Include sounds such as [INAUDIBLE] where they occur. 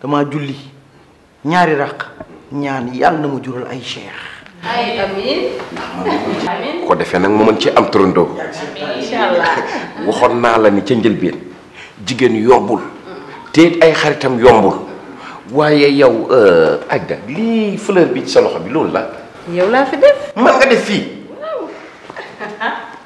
dama julli ñaari raq ñaan yàlla na ma jural ay cheikh. ko defee nag ma mën ci am turandoo. incha [LAUGHS] waxoon naa la ni ca njëlbeen jigéen yombul. te ay xaritam yombul. waaye yow euh, Aïda lii fleur bi ci sa loxo bi loolu la. yow laa fi def. mën nga def fii. [LAUGHS]